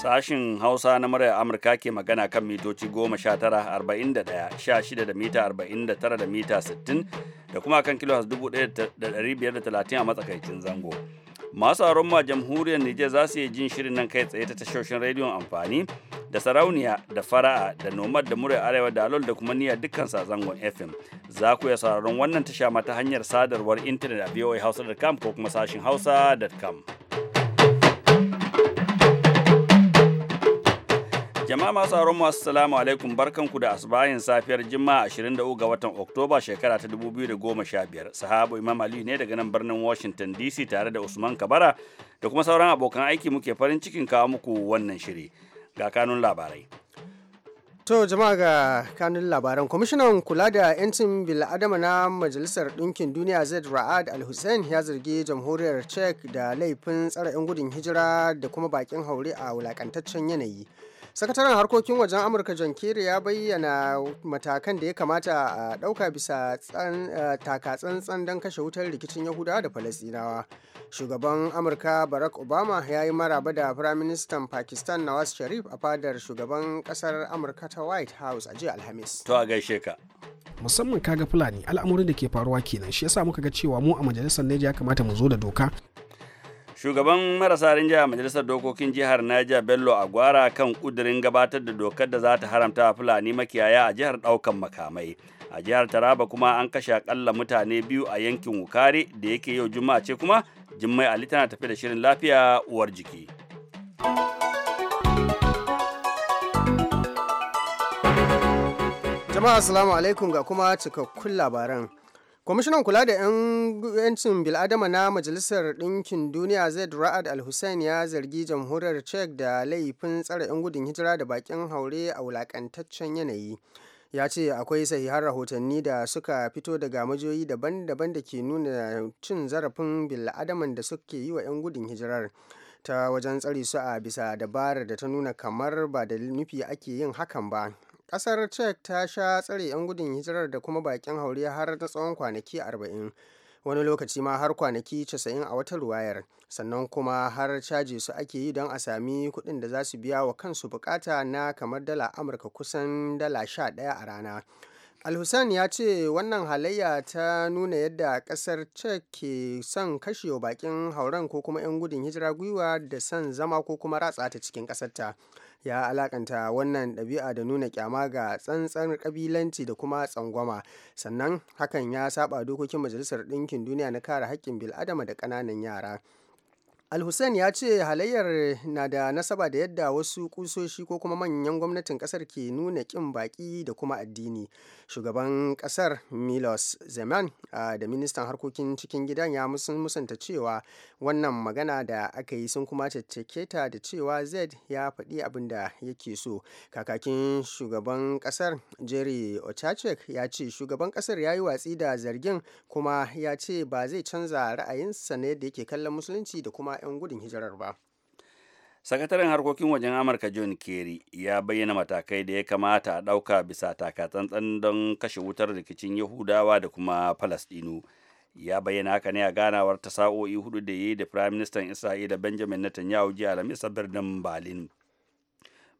Sashin Hausa na muryar Amurka ke magana kan mitoci 19-41-16 da mita 49 da mita 60 da kuma kan kilo 1530 a matsakaicin zango. Masu aron ma jamhuriyar Nijar za su yi jin shirin nan kai tsaye ta tashoshin rediyon amfani da sarauniya da fara'a da nomad da murya arewa da alol da kuma niyyar dukkan sa zangon FM. Za ku iya sauraron wannan tasha ma hanyar sadarwar intanet a Hausa.com ko kuma sashin hausa.com. Jama'a masu auren masu salamu alaikum barkanku da asibayin safiyar Juma'a 23 ga watan Oktoba shekara ta 2015. Sahabu Imam Ali ne daga nan birnin Washington DC tare da Usman Kabara da kuma sauran abokan aiki muke farin cikin kawo muku wannan shiri. Ga kanun labarai. To jama'a ga kanun labaran kwamishinan kula da 'yancin bil'adama na majalisar ɗinkin duniya zaid ra'ad al-hussein ya zargi jamhuriyar czech da laifin tsara 'yan gudun hijira da kuma bakin haure a wulakantaccen yanayi sakataren harkokin wajen amurka john kerry ya bayyana matakan da ya kamata a dauka bisa taka tsantsan don kashe wutar rikicin yahuda da falasinawa shugaban amurka barack obama ya yi maraba da minister pakistan nawaz sharif a fadar shugaban kasar amurka ta white house a jiya alhamis to a gaishe ka musamman kaga fulani al'amuran da ke faruwa kenan shi yasa muka ga cewa mu a majalisar neja ya kamata mu zo da doka shugaban marasa rinjaya majalisar dokokin jihar naija Bello a gwara kan kudirin gabatar da dokar da za ta haramta Fulani makiyaya a jihar daukan makamai. A jihar Taraba kuma an kashe akalla mutane biyu a yankin Wukari da yake yau Juma'a ce kuma Jummai Ali tana tafi da shirin lafiya uwar jiki. Jama'a assalamu alaikum ga kuma cikakkun labaran. Kwamishinan kula da 'yancin bil'adama na Majalisar Ɗinkin Duniya Zaid Ra'ad Al-Hussein ya zargi jamhuriyar Czech da laifin tsara 'yan gudun hijira da bakin haure a wulakantaccen yanayi. ya ce akwai sahihan rahotanni da suka fito daga majoyi daban-daban da ke nuna cin zarafin bil'adaman da suke yi wa 'yan gudun hijirar ta wajen tsare su a bisa dabarar da ta nuna kamar ba da nufi ake yin hakan ba Ƙasar Czech ta sha tsare 'yan gudun hijirar da kuma bakin hauri har na tsawon kwanaki 40. wani lokaci ma har kwanaki 90 a wata ruwayar sannan kuma har caji su ake yi don a sami kuɗin da za su biya wa kansu bukata na kamar dala amurka kusan dala 11 a rana alhussan ya ce wannan halayya ta nuna yadda ƙasar czech ke son kashewa bakin hauren ko kuma 'yan gudun hijira gwiwa da son zama ko kuma ratsa ta cikin ƙasarta. ya alakanta wannan ɗabi'a da nuna kyama ga tsantsan ƙabilanci da kuma tsangwama sannan hakan ya saba dokokin majalisar ɗinkin duniya na kare haƙƙin bil'adama da ƙananan yara Al-Hussein ya ce halayyar na da nasaba da yadda wasu kusoshi ko kuma manyan gwamnatin kasar ke nuna kin baki da kuma addini. Shugaban kasar Milos Zeman da ministan harkokin cikin gidan ya musanta cewa wannan magana da aka yi sun kuma ta da cewa Z ya faɗi abin da yake so. Kakakin shugaban kasar Jerry Ochachek ya ce shugaban kasar ya yi watsi da zargin kuma ya ce ba zai canza ra'ayinsa na yadda yake kallon musulunci da kuma 'yan gudun hijirar ba. sakataren harkokin wajen amurka john kerry ya bayyana matakai da ya kamata a ɗauka bisa takatsantsan don kashe wutar rikicin yahudawa da kuma falasɗinu ya bayyana haka ne a ganawar ta sa'o'i hudu da yi da prime minister isra'ila benjamin netanyahu jiya alhamis a birnin berlin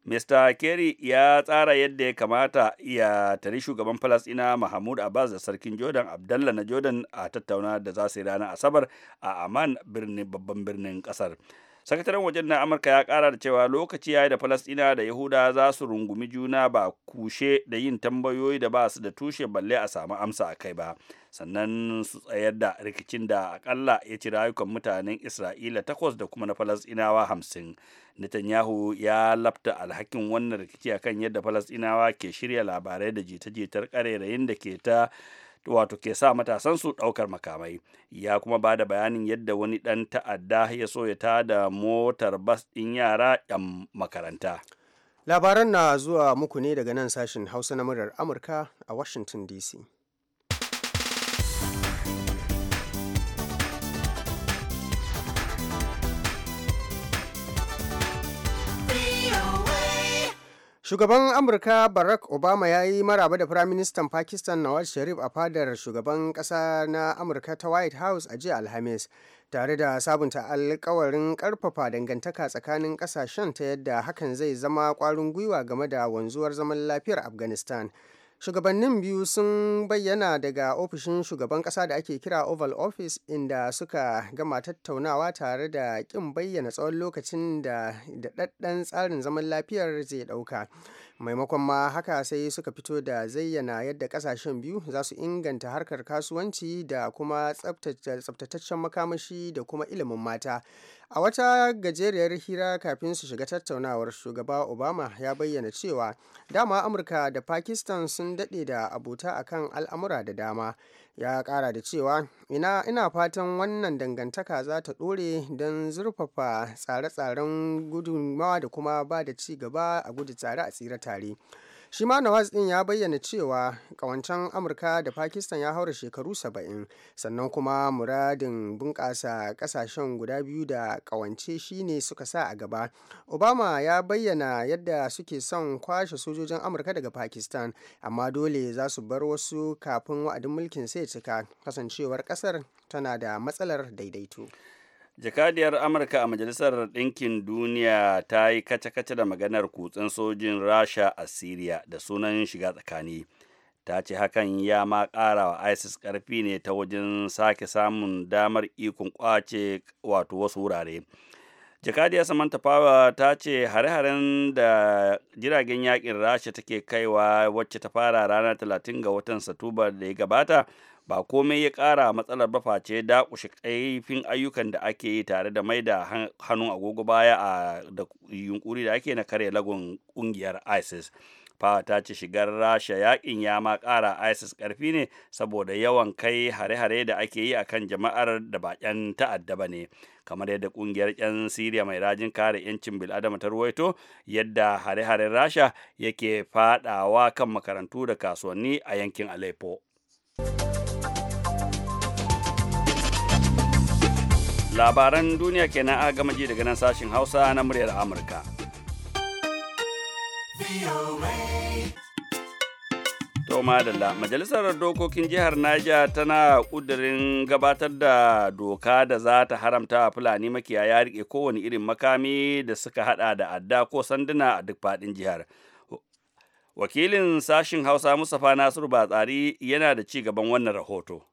mista Kerry ya tsara yadda ya kamata ya tari shugaban Falasɗina Mahmud Abbas da sarkin Jordan Abdallah na Jordan a tattauna da za su yi ranar Asabar a Amman birnin babban birnin ƙasar. sakataren wajen na amurka ya kara da cewa lokaci ya yi da falastina da yahuda za su rungumi juna ba kushe da yin tambayoyi da ba su da tushe balle a samu amsa a kai ba sannan su tsayar da rikicin da akalla ya ci rayukan mutanen isra'ila takwas da kuma na falasinawa hamsin netanyahu ya lafta alhakin wannan rikici akan yadda falasinawa ke shirya labarai da jita-jitar karerayin da ke ta wato ke sa matasan su ɗaukar makamai ya kuma ba da bayanin yadda wani ɗan ta'adda ya so ya da motar bas ɗin yara 'yan makaranta labaran na zuwa muku ne daga nan sashen hausa na murar amurka a washington dc Shugaban Amurka Barack Obama ya yi maraba da Firaministan Pakistan Nawaz Sharif a fadar shugaban ƙasa na Amurka ta White House a jiya Alhamis. tare da sabunta alkawarin ƙarfafa dangantaka tsakanin kasashen ta yadda hakan zai zama kwarin gwiwa game da wanzuwar zaman lafiyar afghanistan Shugabannin biyu sun bayyana daga ofishin shugaban kasa da ake kira Oval Office inda suka gama tattaunawa tare da kin bayyana tsawon lokacin da daɗaɗɗen tsarin zaman lafiyar zai ɗauka. maimakon ma haka sai suka fito da zayyana yadda kasashen biyu za su inganta harkar kasuwanci da kuma tsabtataccen makamashi da kuma ilimin mata a wata gajeriyar hira kafin su shiga tattaunawar shugaba obama ya bayyana cewa dama amurka da pakistan sun daɗe da abota akan al'amura da dama ya kara da cewa ina, ina fatan wannan dangantaka za ta ɗore don zurfafa tsare-tsaren gudunmawa da kuma ba da ci gaba a gudu tsare a tsirata tare shi ma nawaz ɗin ya bayyana cewa ƙawancen amurka da pakistan ya haura shekaru saba'in sannan kuma muradin bunƙasa ƙasashen guda biyu da ƙawance shine suka sa a gaba obama ya bayyana yadda suke son kwashe sojojin amurka daga pakistan amma dole za su bar wasu kafin wa'adin mulkin sai cika kasancewar ƙasar tana da matsalar daidaito jakadiyar amurka a majalisar ɗinkin duniya ta yi kace-kace da maganar kutsen sojin rasha a syria da sunan shiga tsakani ta ce hakan ya ma ƙara wa isis ƙarfi ne ta wajen sake samun damar ikon kwace wato wasu wurare jakadiyar samantha power ta ce hare-haren da jiragen yakin rasha take kaiwa wacce ta fara ranar 30 ga watan satuba da ya gabata ba komai ya ƙara matsalar ba face kushe kaifin ayyukan da ake yi tare da mai da hannun agogo baya a da yunkuri da ake na kare lagon ƙungiyar isis ta ce shigar rasha yakin ya ma ƙara isis ƙarfi ne saboda yawan kai hare-hare da ake yi akan jama'ar da baƙen ta'adda ba ne kamar yadda kungiyar 'yan siriya mai rajin kare 'yancin bil'adama ta ruwaito yadda hare-haren rasha yake fadawa kan makarantu da kasuwanni a yankin aleppo labaran duniya kenan a gama ji daga nan sashin hausa na muryar amurka to madalla majalisar dokokin jihar naija tana kudirin gabatar da doka da za ta haramta fulani makiyaya rike kowane irin makami da suka hada da adda ko sanduna a duk faɗin jihar wakilin sashin hausa mustapha nasiru batsari yana da ci gaban wannan rahoto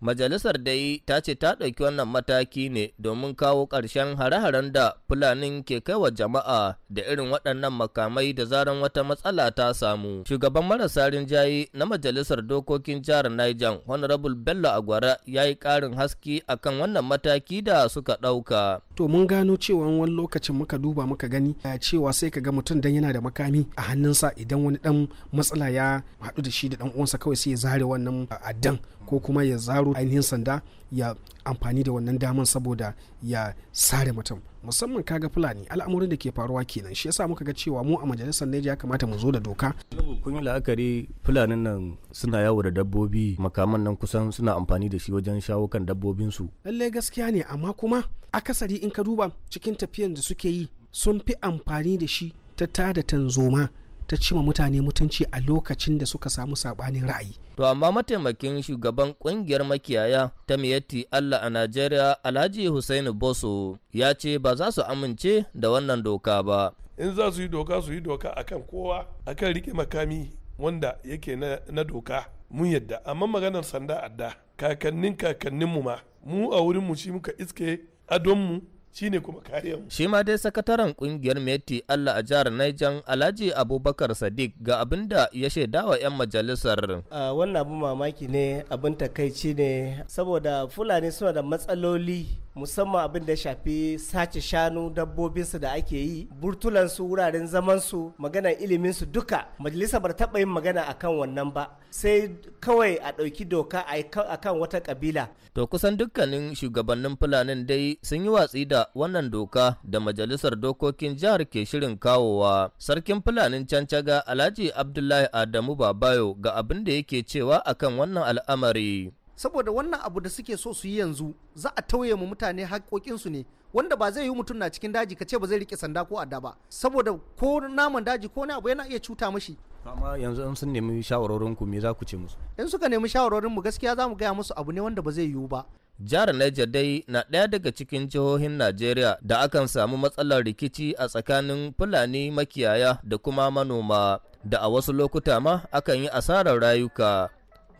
Majalisar dai ta ce ta ɗauki wannan mataki ne domin kawo ƙarshen hare-haren da Fulanin ke kai wa jama'a da irin waɗannan makamai da zaran wata matsala ta samu. Shugaban marasa rinjaye na Majalisar Dokokin Jihar Niger, Honorable Bello Agwara, ya yi ƙarin haske akan wannan mataki da suka ɗauka. To mun gano cewa wani lokacin muka duba muka gani cewa sai ka ga mutum dan yana da makami a hannunsa idan wani ɗan matsala ya haɗu da shi da ɗan uwansa kawai sai ya zare wannan addan ko kuma ya zaro ainihin sanda ya amfani da wannan daman saboda ya sare mutum musamman kaga fulani al'amurin da ke faruwa kenan shi yasa muka ga cewa mu a majalisar Neja ya kamata mu zo da doka kun yi la'akari fulanin nan suna yawo da dabbobi makaman nan kusan suna amfani da shi wajen shawo kan dabbobin su lallai gaskiya ne amma kuma akasari in ka duba cikin tafiyan da suke yi sun fi amfani da shi ta tada tanzoma ta cima mutane mutunci a lokacin da suka samu saɓanin ra'ayi. To amma mataimakin shugaban kungiyar makiyaya ta miyatti Allah a Najeriya Alhaji Hussaini Boso ya ce ba za su amince da wannan doka ba. In za su yi doka su yi doka akan kowa akan rike makami wanda yake na, doka mun yadda amma maganar sanda adda kakannin kakanninmu ma mu a wurin mu shi muka iske adonmu shine kuma kariyar shi ma dai sakataren kungiyar meti Allah a jihar Niger Alhaji Abubakar Sadiq ga abin da ya shaida wa 'yan majalisar wannan abin mamaki ne abin takaici ne saboda Fulani suna da matsaloli musamman abin da shafi sace shanu dabbobinsu da ake yi burtulansu wuraren zamansu magana iliminsu duka majalisa bata taɓa yin magana akan wannan ba sai kawai a ɗauki doka a kan wata kabila. to kusan dukkanin shugabannin fulanin dai sun yi watsi da wannan doka da majalisar dokokin jihar ke shirin kawowa sarkin fulanin cancaga alhaji abdullahi adamu babayo ga abin da yake cewa akan wannan al'amari saboda wannan abu da suke so su yi yanzu za a tauye mu mutane haƙoƙinsu ne wanda ba zai yi mutum na cikin daji ka ce ba zai rike sanda ko adda ba saboda ko naman daji ko wani abu yana iya cuta mashi amma yanzu in sun nemi shawarorin ku me za ku ce musu in suka nemi shawarorin mu gaskiya za mu gaya musu abu ne wanda ba zai yiwu ba jihar Niger dai na ɗaya daga cikin jihohin Najeriya da akan samu matsalar rikici a tsakanin Fulani makiyaya da kuma manoma da a wasu lokuta ma akan yi asarar rayuka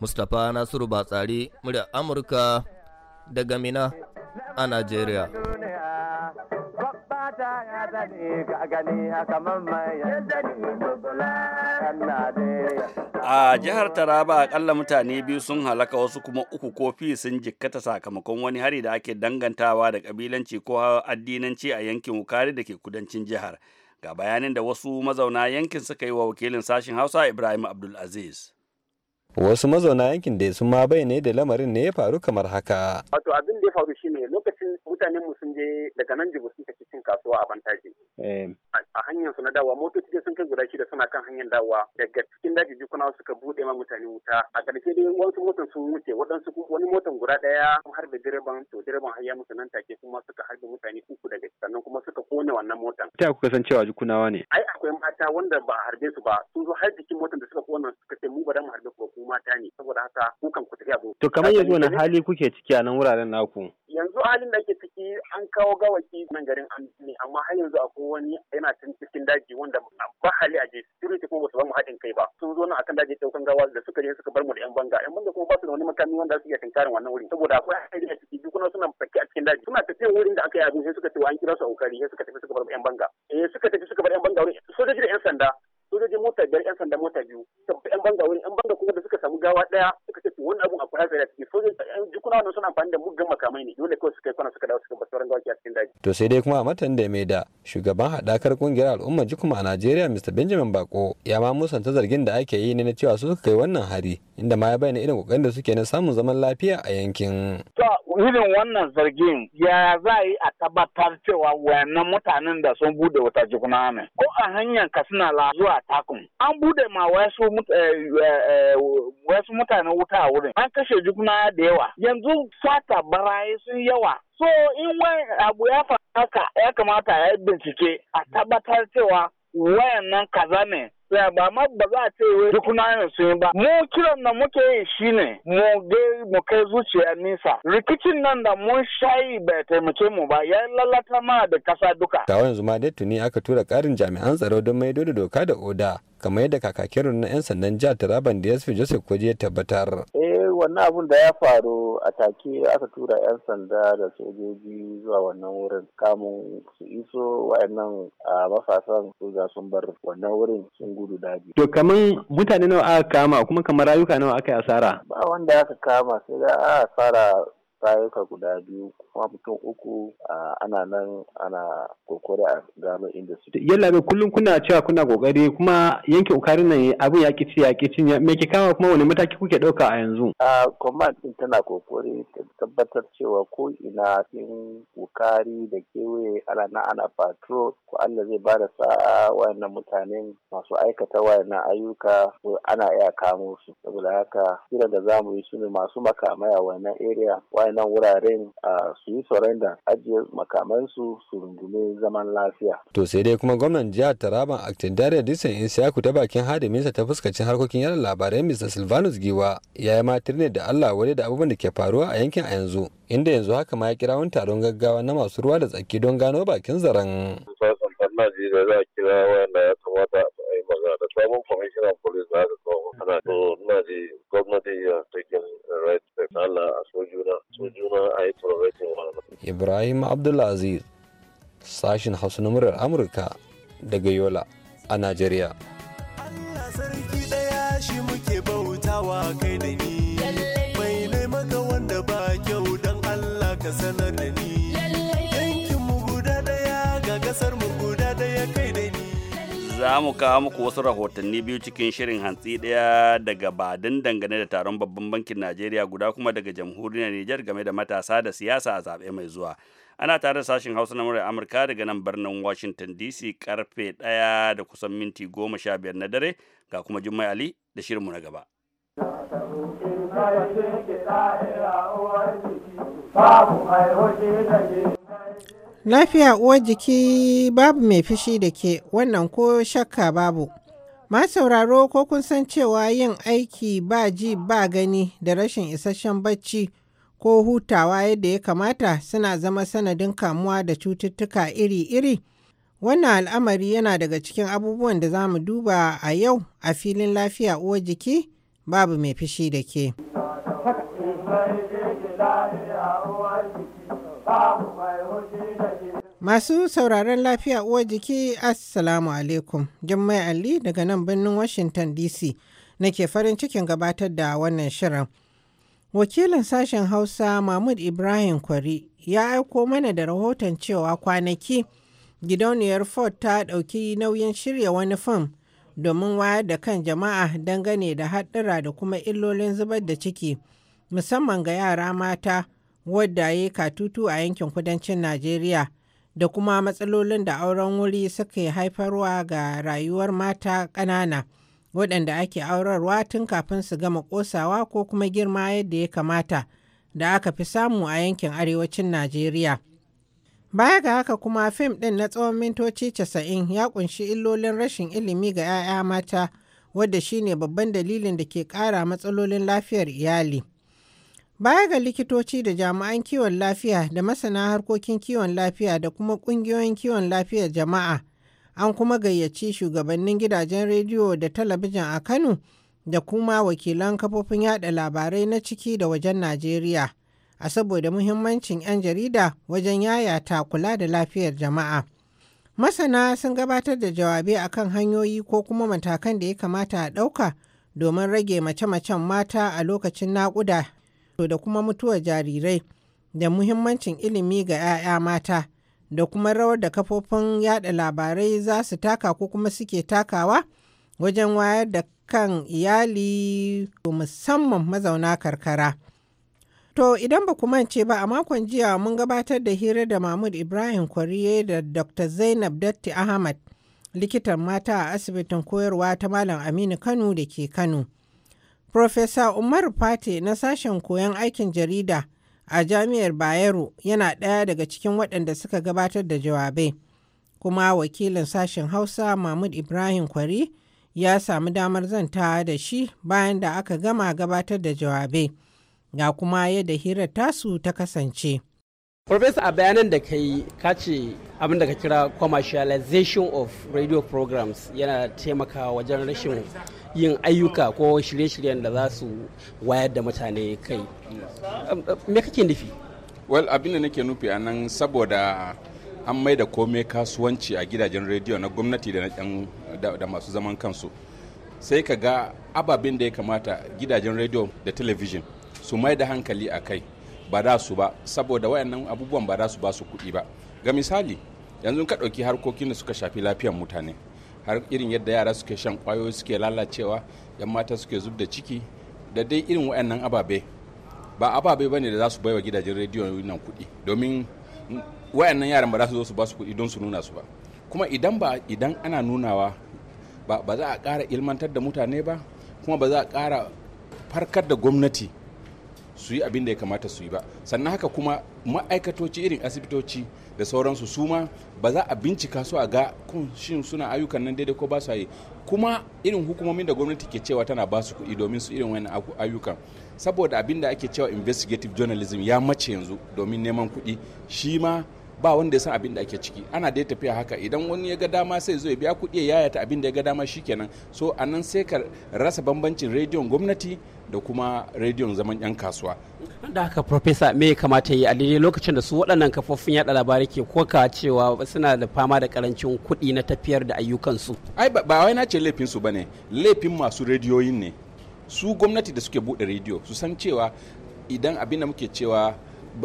Mustapha Nasiru Batsari murya Amurka daga Mina a Najeriya. A jihar Taraba akalla mutane biyu sun halaka wasu kuma uku ko sun jikkata sakamakon wani hari da ake dangantawa da kabilanci ko addinanci a yankin Wukari da ke kudancin jihar. Ga bayanin da wasu mazauna yankin suka yi wa wakilin sashen Hausa Ibrahim Abdulaziz. wasu mazauna yankin da su ma bai ne da lamarin ne ya faru kamar haka wato abin da ya faru shine lokacin lokacin mutanen mu sun je daga nan jibu sun tafi cin kasuwa a bantaji. Eh. A hanyar su na dawa motoci da sun kai guda shida suna kan hanyar dawa daga cikin daji jikuna suka buɗe ma mutane wuta a ƙarshe dai wasu motan sun wuce waɗansu wani motan guda ɗaya har harbe direban to direban har ya musu nan take kuma suka harbe mutane uku daga sannan kuma suka kone wannan motan. Ta kuka san cewa jikunawa ne? Ai akwai mata wanda ba a harbe su ba sun zo har jikin motan da suka kona suka ce mu ba da mu harbe ku ba ku mata ne saboda haka kukan ku tafi a To kamar yanzu wani hali kuke ciki a nan wuraren naku? halin da ke ciki an kawo gawaki nan garin ne amma har yanzu akwai wani yana can cikin daji wanda ba hali a je security kuma basu ba mu haɗin kai ba sun zo nan akan daji ɗaukan gawa da suka je suka bar mu da yan banga yan banga kuma ba su da wani makami wanda su iya tinkarin wannan wurin saboda akwai hali a ciki duk dukuna suna sake a cikin daji suna tafiya wurin da aka yi abin sai suka ce an kira su a kokari sai suka tafi suka bar yan banga eh suka tafi suka bar yan banga wurin sojoji da yan sanda sojoji mota biyar yan sanda mota biyu yan banga wurin yan banga kuma da suka samu gawa ɗaya suka ce wannan abun faransa da suke suna amfani da muggan makamai ne dole kawai suka yi kwana suka dawo suka basu sauran a cikin daji. to sai dai kuma a matan da mai da shugaban haɗakar kungiyar al'umma jikuma a najeriya mr benjamin bako ya ma musanta zargin da ake yi ne na cewa su suka kai wannan hari inda ma ya bayyana irin kokarin da suke na samun zaman lafiya a yankin. to irin wannan zargin ya za a yi a tabbatar cewa wayannan mutanen da sun bude wata jikuna ne ko a hanyar kasina la zuwa takun an bude ma wasu eh, eh, eh, mutane wuta a wurin an kashe juna da yawa yanzu sata barayi sun yawa so in wani abu ya faru haka ya kamata ya bincike a tabbatar cewa wayannan kaza ne sai ba ma ba za a ce wai duk su yi ba mu kiran da muke yi shine mu ga mu kai zuciya nisa rikicin nan da mun shayi bai taimake mu ba ya lalata ma da kasa duka kawai yanzu ma dai tuni aka tura karin jami'an tsaro don maido da doka da oda kamar yadda kakakin na 'yan sandan jihar taraban da yasfi joseph ya tabbatar eh wannan abun da ya faru a take aka tura 'yan sanda da sojoji zuwa wannan wurin kamun su iso wa'annan mafasan soja sun bar wannan wurin sun gudu daji to kamar mutane nawa aka kama kuma kamar rayuka nawa aka yi asara ba wanda aka kama sai da asara rayuka guda biyu kuma mutum uku ana nan ana kokari a gano inda su yalla bai kullum kuna cewa kuna kokari kuma yanke kokarin nan abin ya kici ya kici me ke kama kuma wani mataki kuke dauka a yanzu a command din tana kokari ta tabbatar cewa ko ina cikin ukari da kewaye ala na ana patrol ko Allah zai ba da sa'a wayannan mutanen masu aikata wayannan ayyuka ana iya kamo su saboda haka kira da zamu yi su ne masu makamai a wannan area wayannan wuraren su yi surrender ajiye makamansu su rungume zaman lafiya. To sai dai kuma gwamnan jihar Taraban Acting Dariya Disan Insiyaku ta bakin hadiminsa ta fuskacin harkokin yaran labarai Mr. Silvanus Giwa ya yi matir ne da Allah wani da abubuwan da ke faruwa a yankin a yanzu. Inda yanzu haka ma ya kira wani taron gaggawa na masu ruwa da tsaki don gano bakin zaren. Sasan da za a kira ya kamata sabon mm-hmm. uh, Ibrahim Abdulaziz sashin Hausa na murar Amurka daga Yola a Najeriya Allah sarki daya shi muke bautawa kai mu kawo muku wasu rahotanni biyu cikin shirin hantsi ɗaya daga badin dangane da taron babban bankin najeriya guda kuma daga jamhuriyar nijar game da matasa da siyasa a zaɓe mai zuwa ana tare da sashen hausa na murar amurka daga nan birnin washington dc karfe ɗaya da kusan minti goma sha biyar na dare ga kuma jummai ali da shirinmu na gaba Babu mai da Lafiya uwar jiki babu mai fishi da ke wannan ko shakka babu. Ma sauraro ko kun san cewa yin aiki ba ji ba gani da rashin isasshen bacci ko hutawa yadda ya kamata suna zama sanadin kamuwa da cututtuka iri-iri. Wannan al'amari yana daga cikin abubuwan da za mu duba a yau a filin lafiya uwar jiki babu mai fishi da ke. Masu sauraron lafiya uwar jiki Assalamu alaikum. Jummai Ali daga nan birnin Washington DC nake farin cikin gabatar da wannan shirin. Wakilin sashen Hausa Mahmud Ibrahim Kwari ya aiko mana da rahoton cewa kwanaki gidauniyar Ford ta ɗauki nauyin shirya wani fam domin wayar da kan jama'a dangane da haɗura da kuma illolin zubar da ciki musamman ga yara mata wadda ya yi katutu a yankin kudancin Najeriya. da kuma matsalolin da auren wuri suke haifarwa ga rayuwar mata ƙanana waɗanda ake aurarwa tun kafin su gama ƙosawa ko kuma girma yadda ya kamata da aka fi samu a yankin arewacin Najeriya. Baya ga haka kuma fim ɗin na tsawon mintoci 90 ya ƙunshi illolin rashin ilimi ga 'ya'ya mata wadda shine babban dalilin da ke ƙara matsalolin lafiyar iyali. Baya ga likitoci da jami'an kiwon lafiya da masana harkokin kiwon lafiya da kuma ƙungiyoyin kiwon lafiyar jama'a, an kuma gayyaci shugabannin gidajen rediyo da talabijin a Kano da kuma wakilan kafofin yada labarai na ciki da wajen Najeriya, a saboda muhimmancin 'yan jarida wajen yayata kula da lafiyar jama'a. Masana sun gabatar da jawabai akan hanyoyi ko kuma matakan da ya kamata a ɗauka domin rage mace-macen mata a lokacin naƙuda To da kuma mutuwar jarirai da muhimmancin ilimi ga 'ya'ya mata da kuma rawar da kafofin yada labarai za su taka ko kuma suke takawa wajen wayar da kan iyali musamman mazauna karkara. To idan ba mance ba a makon jiya mun gabatar da hira da Mahmud Ibrahim Kwariye da Dr. Zainab Datti Ahmad likitan mata a asibitin koyarwa ta Malam Aminu Kano da ke Kano. Profesa Umar Fate na sashen koyon aikin jarida a Jami'ar Bayero yana ɗaya daga cikin waɗanda suka gabatar da jawabai. Kuma wakilin sashen Hausa Mahmud Ibrahim Kwari ya samu damar zanta da shi bayan da aka gama gabatar da jawabai. Ga kuma yadda hirar tasu ta kasance. Professor a bayanan da kai ka ce abin da ka kira commercialization of radio programs yana taimakawa wajen rashin yin ayyuka ko shirye-shiryen da za su wayar da mutane kai. Um, uh, me kake nufi? Well, abin da nake nufi a nan saboda an mai da komai kasuwanci a gidajen rediyo na gwamnati da masu zaman kansu. Sai ka ga ababin da ya kamata gidajen rediyo da talabijin su mai da hankali a kai. ba da su ba saboda wayannan abubuwan ba da su ba su kuɗi ba ga misali yanzu ka ɗauki harkokin da suka shafi lafiyar mutane har irin yadda yara suke shan kwayoyi suke lalacewa yan mata suke zub da ciki da dai irin wayannan ababe ba ababe ba ne da za su baiwa gidajen rediyo nan kuɗi domin wayannan yaran ba za su zo su ba su kuɗi don su nuna su ba kuma idan ba idan ana nunawa ba za a ƙara ilmantar da mutane ba kuma ba za a ƙara farkar da gwamnati su yi abin da ya kamata su yi ba sannan haka kuma ma'aikatoci irin asibitoci da sauransu su ma ba za a bincika su a ga shin suna ayyukan nan daidai ko ba su yi kuma irin hukumomin da gwamnati ke cewa tana ba su kuɗi domin su irin wani ayyukan saboda abin da ake cewa investigative journalism ya mace yanzu domin neman kuɗi shi ma ba wanda ya san abin da ake ciki ana dai tafiya haka idan wani ya ga dama sai zo ya biya kuɗi ya yayata abin da ya ga dama shikenan so a nan sai ka rasa bambancin rediyon gwamnati da kuma rediyon zaman yan kasuwa da haka profesa me ya kamata yi a daidai lokacin da su waɗannan kafofin yaɗa labarai ke koka cewa suna da fama da karancin kuɗi na tafiyar da ayyukansu ai ba wai na ce laifin su bane laifin masu rediyoyin ne su gwamnati da suke buɗe rediyo su san cewa idan abin da muke cewa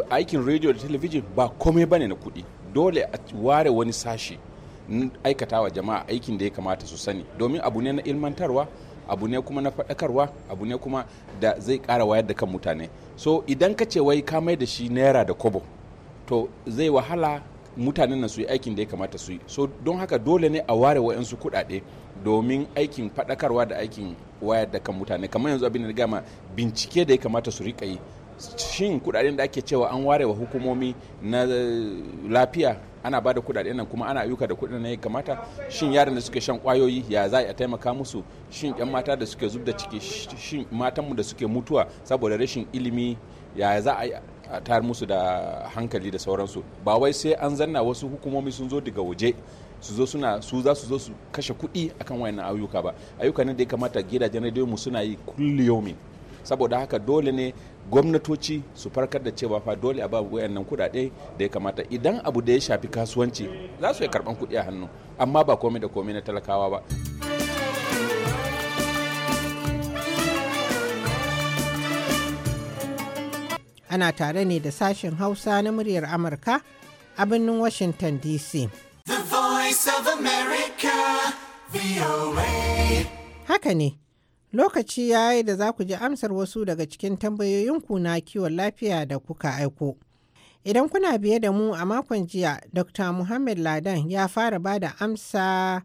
aikin rediyo da talabijin ba komai ne na kuɗi dole a ware wani sashi aikatawa jama'a aikin da ya kamata su sani domin abu ne na ilmantarwa abu ne kuma na faɗakarwa abu ne kuma da zai ƙara wayar da kan mutane so idan ka ce wai ka mai da shi naira da kobo to zai wahala mutanen nan su yi aikin da ya kamata su yi so don haka dole ne a ware wa'yansu kuɗaɗe domin aikin faɗakarwa da aikin wayar da kan mutane kamar yanzu abin da gama bincike da ya kamata su riƙa yi shin kudaden da ake cewa an ware wa hukumomi na eh, lafiya ana ba da kudaden nan kuma ana ayyuka da na ya kamata shin yaran da suke shan kwayoyi ya za a taimaka musu shin yan mata da suke zub da ciki shin matanmu da suke mutuwa saboda rashin ilimi ya za a tar musu da hankali da sauransu ba wai sai an zanna wasu hukumomi sun zo daga waje su zo suna su za su zo su kashe kuɗi akan wayannan ayyuka ba ayyuka ne da ya kamata gidajen rediyo mu suna yi kulli yomin saboda haka dole ne gwamnatoci su farkar da cewa fa dole a babu wayannan kuɗaɗe da ya kamata idan abu da ya shafi kasuwanci za su yi karɓan kuɗi a hannu amma ba komai da komai na talakawa ba. ana tare ne da sashen hausa na muryar amurka a birnin washington dc haka ne Lokaci ya yi da za ku ji amsar wasu daga cikin tambayoyinku na kiwon lafiya da kuka aiko. Idan kuna biye da mu a makon jiya, Dr. Muhammad Ladan ya fara ba da amsa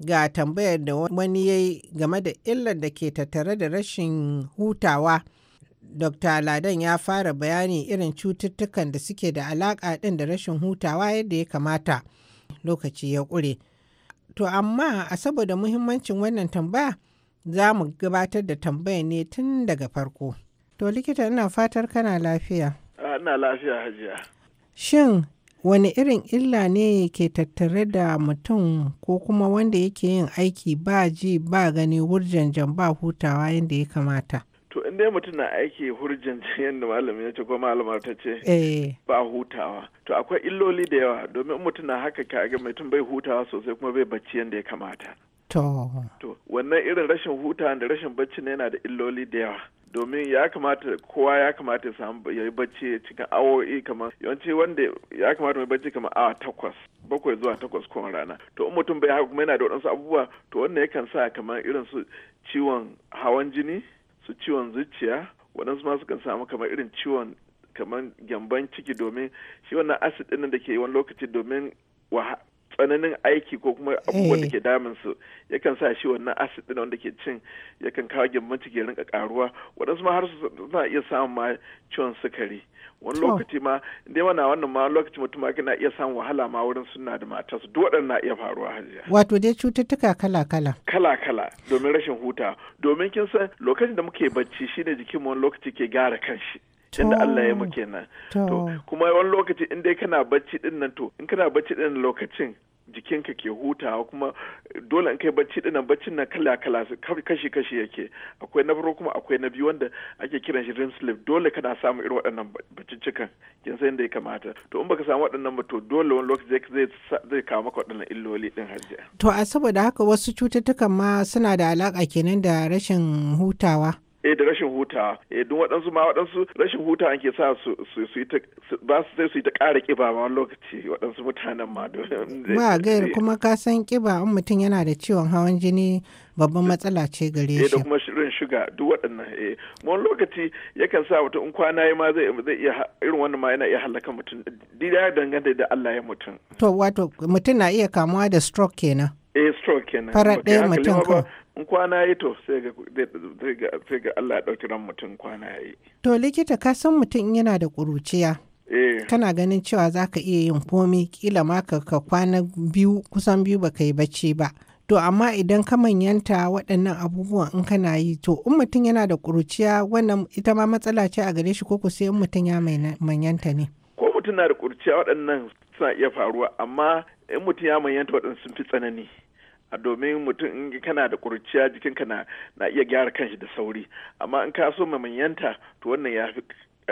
ga tambayar da wani ya yi game da illar da ke tattare da rashin hutawa. Dr. Ladan ya fara bayani irin cututtukan da suke da alaƙa ɗin da rashin hutawa yadda ya kamata lokaci ya ƙure. To amma a saboda muhimmancin wannan tambaya za mu gabatar da tambaya ne tun daga farko. To likita ina fatar kana lafiya. Ina lafiya hajiya. Shin wani irin illa ne ke tattare da mutum ko kuma wanda yake yin aiki ba ji ba gani jan ba hutawa yadda ya kamata? To inda mutum na aiki hurjan yadda malamin ya ce ko malamar ta ce eh. ba hutawa. To akwai illoli da yawa domin mutum na haka kaga mutum bai hutawa sosai kuma bai bacci yadda ya kamata. To, wannan irin rashin hutawa da rashin bacci ne yana da illoli da yawa. domin ya kamata kowa ya kamata ya samu ya yi bacci cikin awowi kamar yawanci wanda ya kamata mai bacci kamar awa takwas bakwai zuwa takwas kowane rana to in mutum bai haka kuma yana da waɗansu abubuwa to wannan yakan sa kamar irin su ciwon hawan jini su ciwon zuciya waɗansu masu kan samu kamar irin ciwon kamar gyamban ciki domin shi wannan asid ɗin da ke yi wani lokaci domin tsananin aiki ko kuma abubuwan da eh. ke damun su yakan sa shi wannan acid din wanda ke cin yakan kawo gyamman cike rinka karuwa wadansu ma har su na iya samun ma ciwon sukari wani lokaci ma dai mana wannan ma lokaci mutum ma na iya samun wahala ma wurin suna da matarsu duk waɗannan na iya faruwa hajiya wato dai cututtuka kala kala kala kala domin rashin huta domin kin san lokacin da muke bacci shine jikin wani lokaci ke gyara kanshi yadda Allah ya muke nan to kuma wani lokaci in dai kana bacci din nan to in kana bacci din lokacin jikinka ke hutawa kuma dole in kai bacci nan baccin na kala kala kashi kashi yake akwai na farko kuma akwai na biyu wanda ake kiran shi rin sleep dole kana samu irin waɗannan baccicikan kin san da ya kamata to in baka samu waɗannan ba to dole wani lokaci zai zai kawo maka waɗannan illoli din hajjia to a saboda haka wasu cututtukan ma suna da alaka kenan da rashin hutawa eh da rashin huta eh duk waɗansu ma waɗansu rashin huta an ke sa su su su ta ba su sai su ta ƙara ƙiba ma lokaci waɗansu mutanen ma ba gair eh. kuma ka san ƙiba in mutum yana da ciwon hawan jini babban matsala ce gare shi eh da kuma shirin shuga duk waɗannan eh wani lokaci yakan sa mutum in kwana ya ma zai zai iya irin wannan ma yana iya halaka mutum dida ya danganta da Allah ya mutum to wato mutum na iya kamuwa da stroke kenan eh stroke kenan fara ɗaya mutum ko in kwana yi to sai ga Allah ya ɗauki ran mutum kwana yi to likita ka san mutum yana da ƙuruciya eh. kana ganin cewa za ka iya yin komi kila ma ka kwana biyu kusan biyu ba ka yi bacci ba to amma idan ka manyanta waɗannan abubuwan in kana yi to in mutum yana da ƙuruciya wannan ita ma matsala ce a gare shi ko sai in mutum ya manyanta ne ko mutum na da ƙuruciya waɗannan suna iya faruwa amma in mutum ya manyanta waɗansu sun fi tsanani a domin mutum in kana da ƙurciya jikinka na na iya gyara kanshi da sauri amma in ka so manyanta to wannan ya fi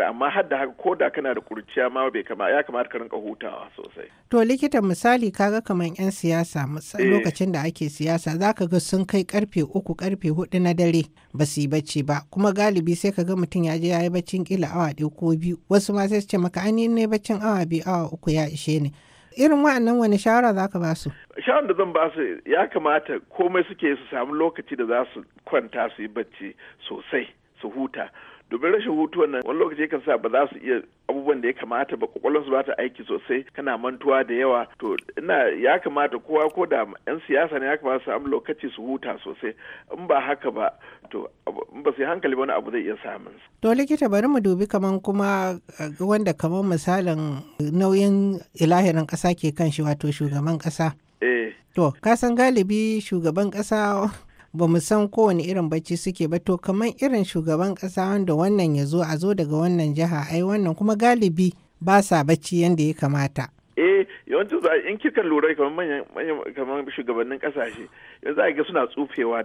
amma har haka ko da kana da ƙurciya ma bai kama ya kamata ka rinka hutawa sosai to likita misali kaga kamar yan siyasa eh. lokacin da ake siyasa za ka ga sun kai karfe uku karfe hudu na dare ba su yi bacci ba kuma galibi sai ka ga mutum ya je ya yi baccin kila awa ɗaya ko biyu wasu ma sai su ce maka ne baccin awa biyu awa uku ya ishe ni irin wa'annan wani shawara za ka ba su? Shawar da zan ba su ya kamata komai suke su samu lokaci da za su kwanta su yi bacci sosai su huta domin rashin hutu wannan wani lokaci kan sa ba za su iya abubuwan da ya kamata ba kwakwalwarsu ba ta aiki sosai kana mantuwa da yawa to ina ya kamata kowa ko da yan siyasa ne ya kamata su samu lokaci su huta sosai in ba haka ba to in ba su yi hankali wani abu zai iya samun su. to likita bari mu dubi kaman kuma eh, wanda kaman misalin nauyin ilahirin kasa ke kan shi wato shugaban kasa. Eh. to ka san galibi shugaban kasa. ba mu san kowane irin bacci suke ba to kamar irin shugaban ƙasa wanda wannan ya zo a zo daga wannan jiha ai wannan kuma galibi ba sa bacci yadda ya kamata. eh yawanci za in kika lura kamar manyan kamar shugabannin kasashe yanzu a ga suna tsufewa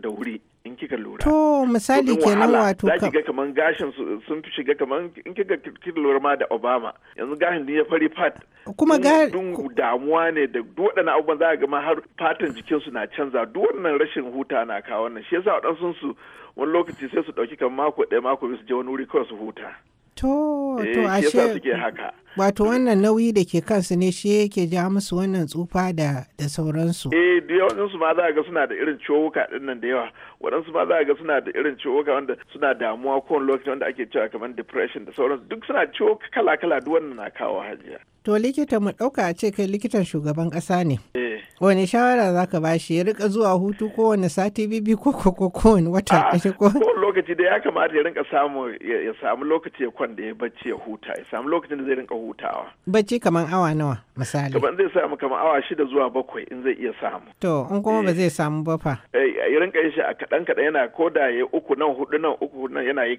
da wuri in kika lura. To misali kenan wato ka. Za ga kaman gashin sun fi shiga kaman in kika lura ma da Obama yanzu gashin din ya fari fat. Kuma ga dun damuwa ne da duk waɗannan abubuwan za ga ma har fatan jikin su na canza duk wannan rashin huta na kawo wannan shi yasa waɗansu su wani lokaci sai su ɗauki kan mako ɗaya mako biyu su je wani wuri kawai su huta. To to ashe. Eh, shi yasa suke haka. Wato wannan nauyi da ke kansu ne shi yake ja musu wannan tsufa da da sauransu. Eh da su ma za a ga suna da irin ciwuka din nan da yawa. Waɗansu ma za a ga suna da irin ciwuka wanda suna damuwa kowane lokaci wanda ake cewa kamar depression da sauransu duk suna ciwuka kala-kala duk wannan na kawo hajiya. To likita mu ɗauka a ce kai likitan shugaban ƙasa ne. Eh. Wani shawara za ka ba shi ya rika zuwa hutu kowane sati bibi ko ko ko kowane wata ƙashe ah, ko? Kowane lokaci da ya kamata ya rinka samu ya samu lokaci ya kwanda ya bacci ya huta ya samu lokacin da zai rinka hutawa. Bacci kamar awa nawa misali. Kamar zai samu kamar awa shida zuwa bakwai in zai iya samu. To in kuma ba eh. zai samu ba fa. Eh rinka shi a kaɗan kaɗan yana ko da ya uku nan hudu nan uku nan yana yi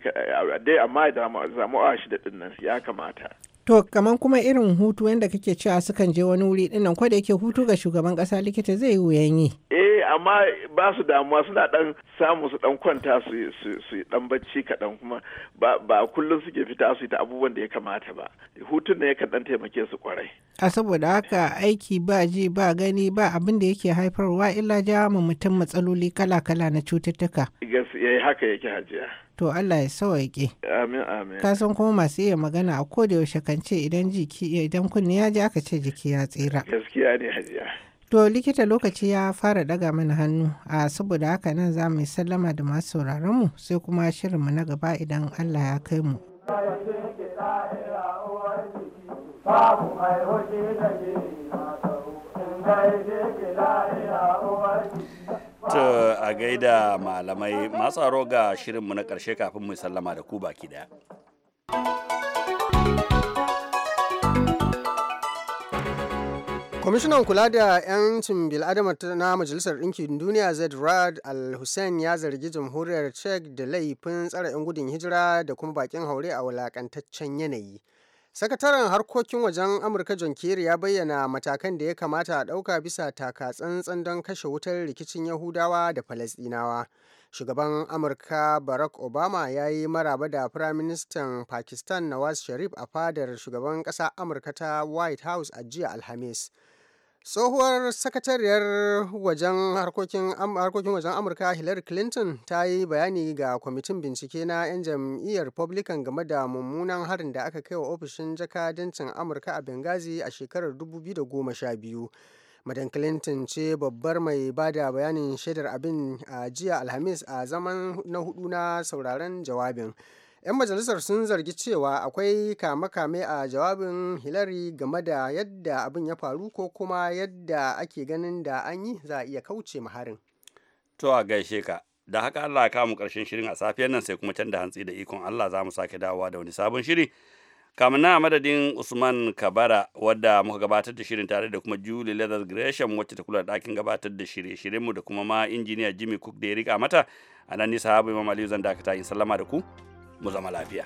dai amma ya samu awa shida ɗin nan ya kamata. To kamar kuma irin hutu yadda kake cewa sukan je wani wuri ɗin nan ko da yake hutu ga shugaban ƙasa likita zai yi wuyan yi. Eh, amma ba su damuwa suna dan samu su dan kwanta su su dan bacci kaɗan kuma ba kullum suke fita su ta abubuwan da ya kamata ba hutun ne yakan dan taimake su kwarai a saboda haka aiki ba ji ba gani ba abin da yake haifarwa illa ja mu mutum matsaloli kala-kala na cututtuka gaskiya haka yake hajiya to Allah ya sauke Amin amin. Ka san kuma masu iya magana a koda yaushe kan ce idan jiki idan kunni ya ji aka ce jiki ya tsira. Gaskiya ne hajiya. To likita lokaci ya fara daga mana hannu a saboda haka nan za mu yi sallama da masu mu sai kuma shirin mu na gaba idan Allah ya kai mu. To a gaida malamai masu ga shirin mu na ƙarshe kafin mu sallama da ku baki daya. Kwamishinan kula da 'yancin bil'adama na Majalisar Ɗinkin Duniya Zaid Rad Al-Hussein ya zargi jamhuriyar Czech da laifin tsara 'yan gudun hijira da kuma bakin haure a wulakantaccen yanayi. Sakataren harkokin wajen Amurka John Kerry ya bayyana matakan da ya kamata a ɗauka bisa taka tsantsan don kashe wutar rikicin Yahudawa da Falasɗinawa. Shugaban Amurka Barack Obama ya yi maraba da Firaministan Pakistan Nawaz Sharif a fadar shugaban ƙasa Amurka ta White House a jiya Alhamis. Tsohuwar Sakatariyar Wajen Harkokin Wajen Amurka Hillary Clinton ta yi bayani ga kwamitin bincike na 'yan jam'iyyar Republican game da mummunan harin da aka kai wa ofishin jakadancin Amurka a Benghazi a shekarar 2012. madan Clinton ce babbar mai ba da bayanin shaidar abin a jiya Alhamis a zaman na hudu na sauraron jawabin. 'Yan majalisar sun zargi cewa akwai kame-kame a jawabin Hillary game da yadda abin ya faru ko kuma yadda ake ganin da an yi za a iya kauce maharin. To a gaishe ka, da haka Allah ya mu karshen shirin a safiyar nan sai kuma can da hantsi da ikon Allah za mu sake dawowa da wani sabon shiri. kamun na madadin usman kabara wadda muka gabatar da shirin tare da kuma julie leather gresham wacce ta kula da ɗakin gabatar da shirye-shiryenmu da kuma ma injiniya jimmy cook da ya rika mata a nan nisa habu imam aliyu zan dakata in sallama da ku mu zama lafiya